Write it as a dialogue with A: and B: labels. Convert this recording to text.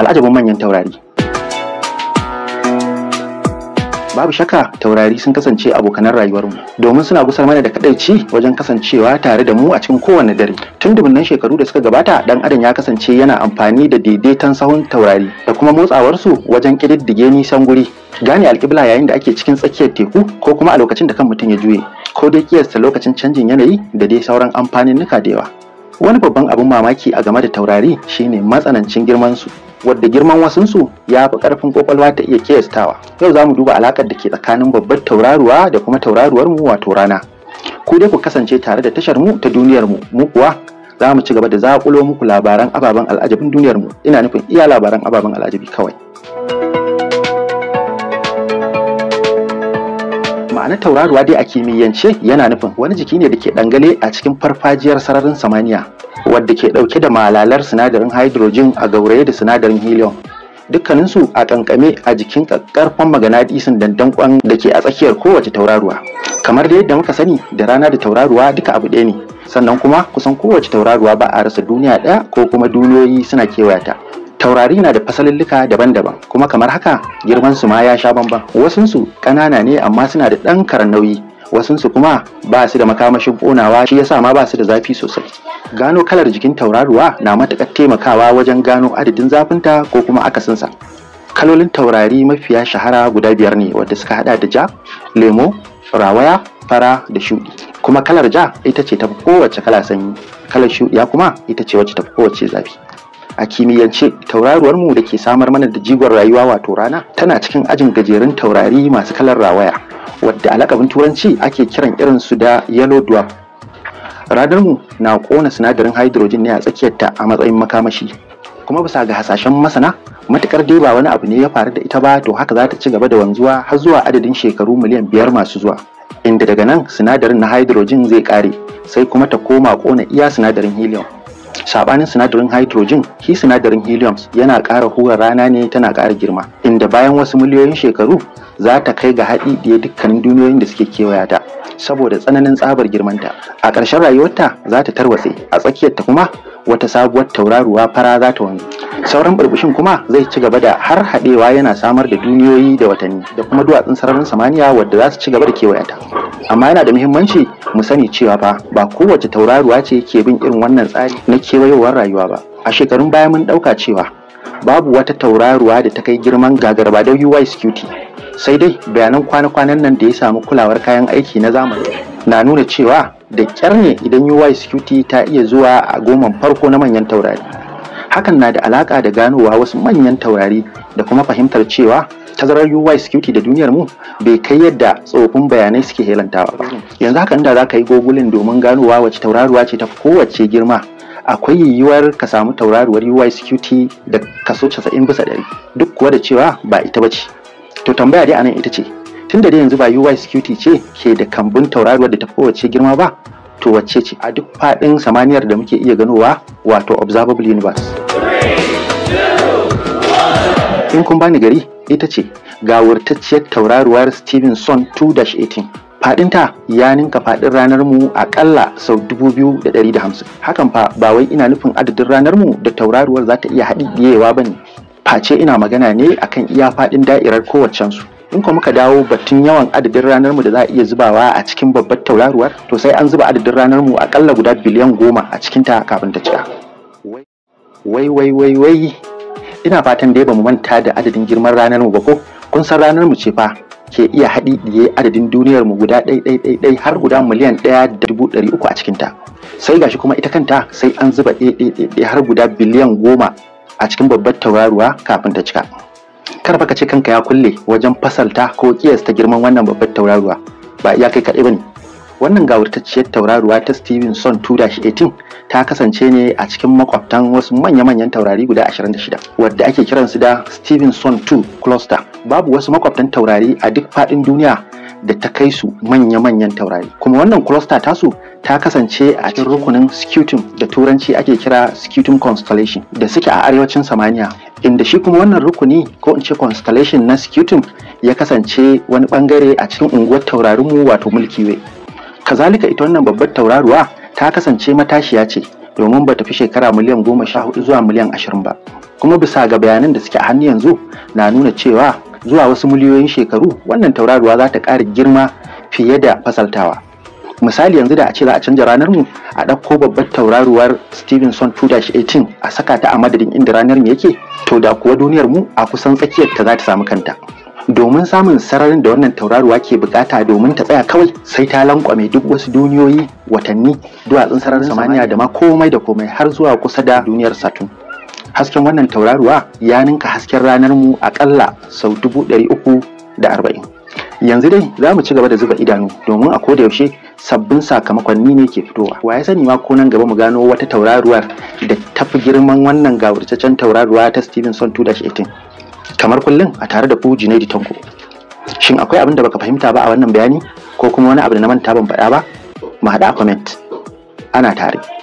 A: al'ajabin manyan taurari babu shakka taurari sun kasance abokanan mu. domin suna gusar mana da kadaici wajen kasancewa tare da mu a cikin kowane dare tun dubunnan shekaru da suka gabata dan adam ya kasance yana amfani da daidaiton sahun taurari da kuma motsawarsu wajen kididdige nisan guri gane alƙibla yayin da ake cikin tsakiyar teku ko kuma a lokacin da kan mutum ya juye ko dai kiyasta lokacin canjin yanayi da dai sauran amfanin nuka da yawa wani babban abin mamaki a game da taurari shine matsanancin girman su wadda girman wasunsu ya fi ƙarfin kwakwalwa ta iya kiyastawa. Yau za mu duba alaƙar da ke tsakanin babbar tauraruwa da kuma tauraruwar mu wato rana. Ku dai ku kasance tare da tashar mu ta duniyar mu, mu kuwa za mu ci gaba da zaƙulo muku labaran ababen al'ajabin duniyar mu. Ina nufin iya labaran ababen al'ajabi kawai. ma'anar tauraruwa dai a kimiyyance yana nufin wani jiki ne da ke dangale a cikin farfajiyar sararin samaniya wadda ke dauke da malalar sinadarin hydrogen a gauraye da sinadarin helium dukkaninsu a kankame a jikin karfan maganadisin dandankon da ke a tsakiyar kowace tauraruwa kamar da yadda muka sani da rana da tauraruwa duka abu ɗaya ne sannan kuma kusan kowace tauraruwa ba a rasa duniya ɗaya ko kuma duniyoyi suna kewayata taurari na da fasalillika daban-daban kuma kamar haka girman su ma ya sha bamban wasunsu ƙanana ne amma suna da ɗan karan nauyi wasunsu kuma ba su da makamashin ƙonawa shi yasa ma ba su da zafi sosai Gano kalar jikin tauraruwa na matuƙar taimakawa wajen gano adadin zafinta ko kuma akasinsa. Kalolin taurari mafiya shahara guda biyar ne wadda suka hada da ja, lemo, rawaya, fara da shuɗi. Kuma kalar ja ita ce tafi kowace kala sanyi, kalar shuɗiya kuma ita ce wacce tafi kowace zafi. A kimiyyance tauraruwar mu da ke samar mana da jigon rayuwa wato rana tana cikin ajin gajerun taurari masu kalar rawaya wadda a lakabin turanci ake kiran su da yellow dwarf radarmu na kona sinadarin hydrogen ne a tsakiyarta a matsayin makamashi kuma bisa ga hasashen masana matukar dai ba wani abu ne ya faru da ita ba to haka za ta ci gaba da wanzuwa har zuwa adadin shekaru miliyan biyar masu zuwa inda daga nan sinadarin na hydrogen zai kare sai kuma ta koma kona iya sinadarin helium sabanin sinadarin hydrogen shi sinadarin helium yana ƙara hura rana ne tana ƙara girma inda bayan wasu miliyoyin shekaru za ta kai ga haɗi dukkanin duniyoyin da suke kewaya ta saboda tsananin tsabar girmanta a ƙarshen rayuwarta za ta tarwatse a tsakiyarta kuma wata sabuwar tauraruwa fara za ta wanzu sauran burbushin kuma zai ci gaba da har haɗewa yana samar da duniyoyi da watanni da kuma duwatsun sararin samaniya wadda za su ci gaba da kewayata amma yana da muhimmanci mu sani cewa fa ba kowace tauraruwa ce ke bin irin wannan tsari na kewayowar rayuwa ba a shekarun baya mun ɗauka cewa babu wata tauraruwa da ta kai girman gagar ba da UI security sai dai bayanan kwana-kwanan nan da ya samu kulawar kayan aiki na zamani na nuna cewa da kyar ne idan UI security ta iya zuwa a goman farko na manyan taurari hakan na da alaka da ganowa wasu manyan taurari da kuma fahimtar cewa tazarar UI security da duniyar mu bai kai yadda tsofin bayanai suke helantawa ba yanzu haka inda za ka yi gogulin domin ganowa wace tauraruwa ce ta kowace girma akwai yiwuwar ka samu tauraruwar UI security da kaso 90 bisa 100 duk kuwa da cewa ba ita ba ce to tambaya dai anan ita ce tun dai yanzu ba UI security ce ke da kambun tauraruwar da ta kowace girma ba to wacce ce a duk faɗin samaniyar da muke iya ganowa wato observable universe in kun bani gari ita ce gawurtacciyar tauraruwar stevenson 2-18 fadinta ya ninka fadin ranar mu akalla sau 2,150 hakan fa ba wai ina nufin adadin ranar mu da tauraruwar za ta iya haɗi biyewa ba ne face ina magana ne akan iya fadin da'irar kowaccensu in kuma muka dawo batun yawan adadin ranar mu da za a iya zubawa a cikin babbar tauraruwar to sai an zuba adadin ranar mu akalla guda biliyan goma a cikinta kafin ta cika wai wai wai wai ina fatan dai mu manta da adadin girman ranar mu ba ko kun san ranar mu ce fa ke iya haɗi ɗiye adadin duniyar mu guda ɗai ɗai ɗai ɗai har guda miliyan ɗaya da dubu ɗari uku a cikinta sai gashi kuma ita kanta sai an zuba ɗai ɗai ɗai har guda biliyan goma a cikin babbar tauraruwa kafin ta cika kar ka ce kanka ya kulle wajen fasalta ko kiyasta girman wannan babbar tauraruwa ba iya kai kaɗai bane wannan gawurtacciyar tauraruwa ta stevenson 2018 ta kasance ne a cikin makwabtan wasu manya-manyan taurari guda 26 wadda ake kiransu da Stevenson 2 cluster. Babu wasu makwabtan taurari a duk faɗin duniya da ta kai su manya-manyan taurari. Kuma wannan cluster tasu ta kasance a cikin rukunin scutum da turanci ake kira scutum constellation da suke a arewacin samaniya inda shi kuma wannan rukuni ko in ce constellation na scutum ya kasance wani bangare a cikin unguwar taurarinmu wato mulkiwe kazalika ita wannan babbar tauraruwa ta kasance matashiya ce domin ba ta fi shekara miliyan goma sha hudu zuwa miliyan ashirin ba kuma bisa ga bayanan da suke a hannu yanzu na nuna cewa zuwa wasu miliyoyin shekaru wannan tauraruwa za ta ƙara girma fiye da fasaltawa misali yanzu da a ce za a canja ranar mu a ɗauko babbar tauraruwar stevenson 2-18 a saka ta a madadin inda ranar mu yake to da kuwa duniyar mu a kusan tsakiyar ta za ta samu kanta domin samun sararin da wannan tauraruwa ke bukata domin ta tsaya kawai sai ta lankwame duk wasu duniyoyi watanni duwatsun sararin samaniya da ma komai da komai har zuwa kusa da duniyar saturn hasken wannan tauraruwa ya ninka hasken ranar mu akalla sau dubu ɗari uku da arba'in yanzu dai za mu ci gaba da zuba idanu domin a koda yaushe sabbin sakamakonni ne ke fitowa wa ya sani ma ko nan gaba mu gano wata tauraruwar da tafi girman wannan gawurtaccen tauraruwa ta stevenson 2018 kamar kullum a tare da ku Junaidi Tanko shin akwai abin da baka fahimta ba a wannan bayani ko kuma wani abu da na manta ban faɗa ba mu haɗa comment ana tare